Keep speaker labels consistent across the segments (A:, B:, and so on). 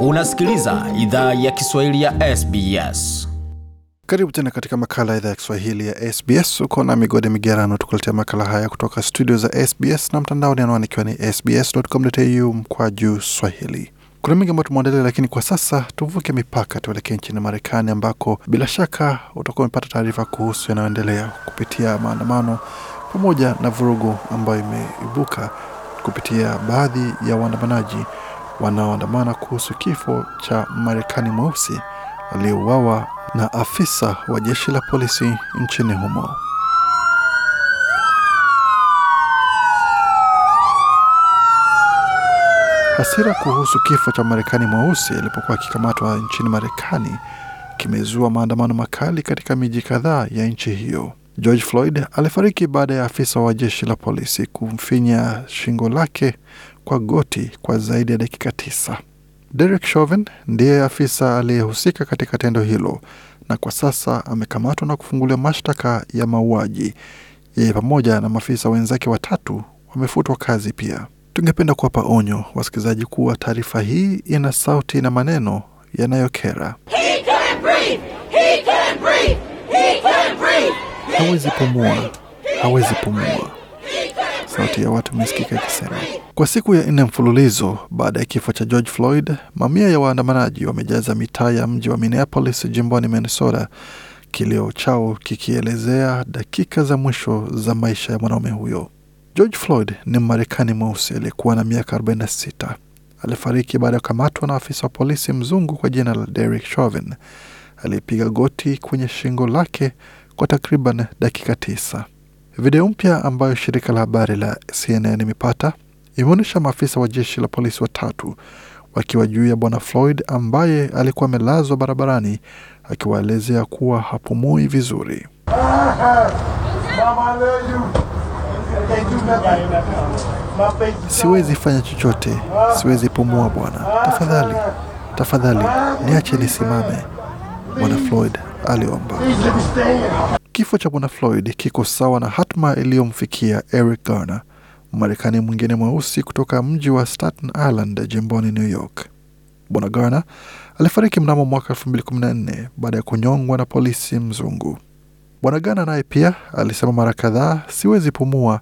A: Unasikiliza idhaa ya Kiswahili ya SBS. Karibu tena katika makala ya idhaa ya Kiswahili ya SBS. Uko na Migode Migerano tukuletea makala haya kutoka studio za SBS na mtandaoni, anwani ikiwa ni sbs.com.au mkwa juu swahili. Kuna mengi ambayo tumeandalia, lakini kwa sasa tuvuke mipaka tuelekee nchini Marekani, ambako bila shaka utakuwa umepata taarifa kuhusu yanayoendelea kupitia maandamano pamoja na vurugu ambayo imeibuka kupitia baadhi ya waandamanaji wanaoandamana kuhusu kifo cha Marekani mweusi aliyeuawa na afisa wa jeshi la polisi nchini humo. Hasira kuhusu kifo cha Marekani mweusi alipokuwa akikamatwa nchini Marekani kimezua maandamano makali katika miji kadhaa ya nchi hiyo. George Floyd alifariki baada ya afisa wa jeshi la polisi kumfinya shingo lake kwa goti kwa zaidi ya dakika tisa. Derek Chauvin ndiye afisa aliyehusika katika tendo hilo na kwa sasa amekamatwa na kufunguliwa mashtaka ya mauaji. Yeye pamoja na maafisa wenzake watatu wamefutwa kazi pia. Tungependa kuwapa onyo wasikilizaji kuwa taarifa hii ina sauti na maneno yanayokera. He can't breathe. He can't breathe. He can't breathe hawezi pumua, hawezi pumua. Sauti ya watu imesikika ikisema kwa siku ya nne mfululizo baada ya kifo cha George Floyd, mamia ya waandamanaji wamejaza mitaa ya mji wa Minneapolis jimboni Minnesota, kilio chao kikielezea dakika za mwisho za maisha ya mwanaume huyo. George Floyd ni Mmarekani mweusi aliyekuwa na miaka 46. Alifariki baada ya kukamatwa na afisa wa polisi mzungu kwa jina la Derek Chauvin aliyepiga goti kwenye shingo lake kwa takriban dakika tisa. Video mpya ambayo shirika la habari la CNN imepata imeonyesha maafisa wa jeshi la polisi watatu wakiwa juu ya bwana Floyd ambaye alikuwa amelazwa barabarani, akiwaelezea kuwa hapumui vizuri. Siwezi fanya chochote, siwezi pumua bwana, tafadhali, tafadhali niache nisimame. Bwana Floyd aliomba. Kifo cha bwana Floyd kiko sawa na hatma iliyomfikia Eric Garner, Marekani mwingine mweusi kutoka mji wa Staten Island jimboni New York. Bwana Garner alifariki mnamo mwaka 2014 baada ya kunyongwa na polisi mzungu. Bwana Garner naye pia alisema mara kadhaa, siwezi pumua.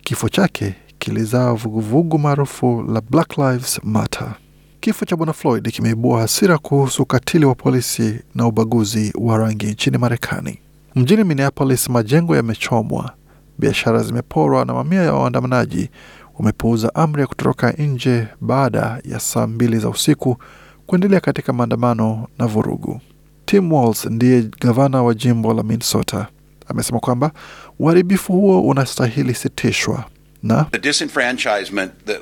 A: Kifo chake kilizaa vuguvugu maarufu la Black Lives Matter. Kifo cha bwana Floyd kimeibua hasira kuhusu ukatili wa polisi na ubaguzi wa rangi nchini Marekani. Mjini Minneapolis, majengo yamechomwa, biashara zimeporwa na mamia ya waandamanaji wamepuuza amri ya kutoroka nje baada ya saa mbili za usiku kuendelea katika maandamano na vurugu. Tim Walz ndiye gavana wa jimbo la Minnesota amesema kwamba uharibifu huo unastahili sitishwa na that,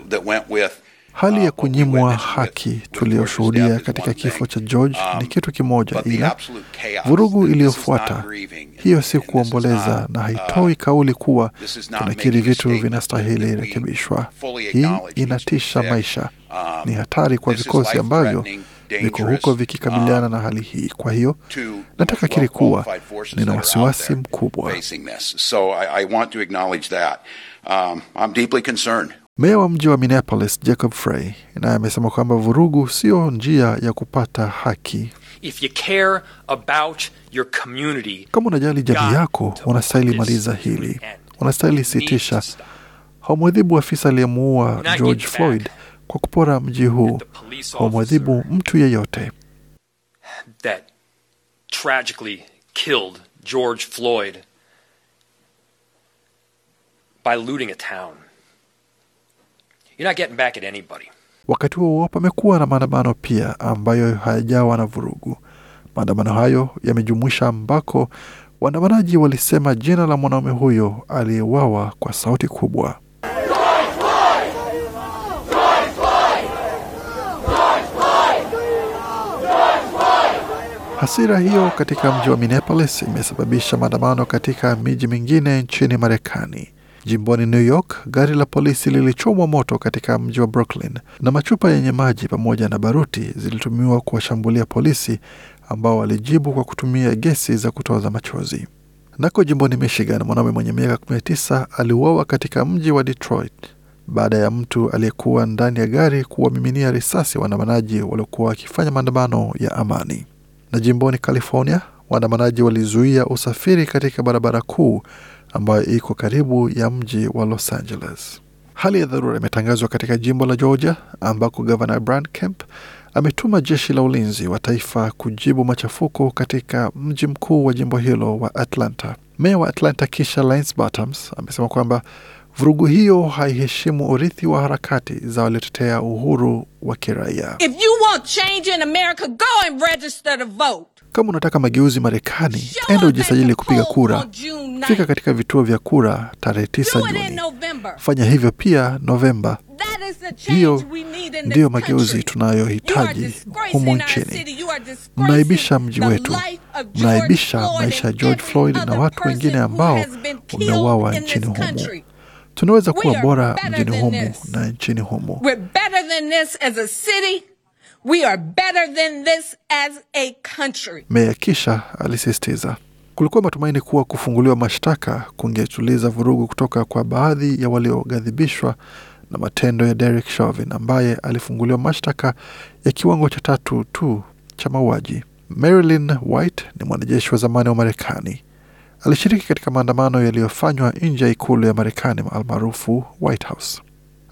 A: that went with Hali ya uh, kunyimwa haki tuliyoshuhudia katika kifo cha George ni um, kitu kimoja, ila vurugu iliyofuata hiyo si kuomboleza na uh, haitoi kauli kuwa tunakiri vitu vinastahili rekebishwa. Hii inatisha maisha, ni um, hatari kwa vikosi ambavyo viko huko vikikabiliana um, na hali hii. Kwa hiyo nataka kiri kuwa nina wasiwasi mkubwa. Meya wa mji wa Minneapolis Jacob Frey naye amesema kwamba vurugu sio njia ya kupata haki. If you care about your community, kama unajali jamii yako, wanastahili maliza hili, wanastahili sitisha. Haumwadhibu afisa aliyemuua George Floyd kwa kupora mji huu, haumwadhibu mtu yeyote that tragically killed George Floyd by looting a town. You're not getting back at anybody. Wakati huo huo, pamekuwa na maandamano pia ambayo hayajawa na vurugu. Maandamano hayo yamejumuisha ambako waandamanaji walisema jina la mwanaume huyo aliyewawa kwa sauti kubwa. Hasira hiyo katika mji wa Minneapolis imesababisha maandamano katika miji mingine nchini Marekani. Jimboni New York, gari la polisi lilichomwa moto katika mji wa Brooklyn na machupa yenye maji pamoja na baruti zilitumiwa kuwashambulia polisi ambao walijibu kwa kutumia gesi za kutoza machozi. Nako jimboni Michigan, mwanaume mwenye miaka 19 aliuawa katika mji wa Detroit baada ya mtu aliyekuwa ndani ya gari kuwamiminia risasi waandamanaji waliokuwa wakifanya maandamano ya amani. Na jimboni California, waandamanaji walizuia usafiri katika barabara kuu ambayo iko karibu ya mji wa Los Angeles. Hali ya dharura imetangazwa katika jimbo la Georgia ambako gavana Brian Kemp ametuma jeshi la ulinzi wa taifa kujibu machafuko katika mji mkuu wa jimbo hilo wa Atlanta. Meya wa Atlanta Keisha Lance Bottoms amesema kwamba vurugu hiyo haiheshimu urithi wa harakati za waliotetea uhuru wa kiraia. If you want change in America, go and register to vote. Kama unataka mageuzi Marekani, enda ujisajili kupiga kura. Fika katika vituo vya kura tarehe 9 Juni. Fanya hivyo pia Novemba. Hiyo ndiyo mageuzi tunayohitaji humu nchini. Mnaibisha mji wetu, mnaibisha maisha ya George Floyd na watu wengine ambao wameuawa nchini humu. Tunaweza kuwa bora mjini humu na nchini humu. We are better than this as a country. Meya kisha alisisitiza kulikuwa matumaini kuwa kufunguliwa mashtaka kungetuliza vurugu kutoka kwa baadhi ya walioghadhibishwa na matendo ya Derek Chauvin ambaye alifunguliwa mashtaka ya kiwango cha tatu tu cha mauaji. Marilyn White ni mwanajeshi wa zamani wa Marekani. Alishiriki katika maandamano yaliyofanywa nje ya ikulu ya Marekani almaarufu White House.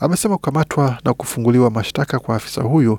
A: Amesema kukamatwa na kufunguliwa mashtaka kwa afisa huyu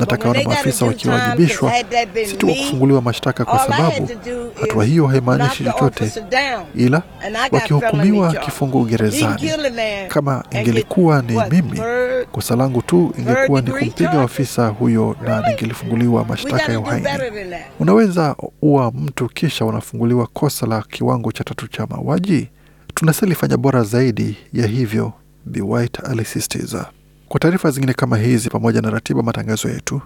A: Nataka wale maafisa wakiwajibishwa, si tu wa kufunguliwa mashtaka, kwa sababu hatua hiyo haimaanishi chochote, ila wakihukumiwa kifungo gerezani. Kama ingelikuwa ni mimi, kosa langu tu ingekuwa ni kumpiga afisa huyo na ningelifunguliwa mashtaka ya uhaini. Unaweza uwa mtu kisha unafunguliwa kosa la kiwango cha tatu cha mauaji. Tunasilifanya bora zaidi ya hivyo, Bi White alisisitiza. Kwa taarifa zingine kama hizi pamoja na ratiba matangazo yetu,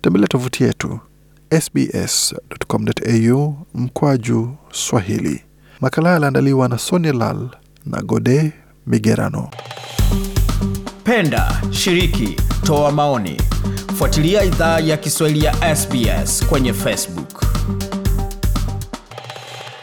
A: tembelea tovuti yetu sbs.com.au mkwaju Swahili. Makala yaliandaliwa na Sonia Lal na Gode Migerano. Penda, shiriki, toa maoni, fuatilia idhaa ya Kiswahili ya SBS kwenye Facebook.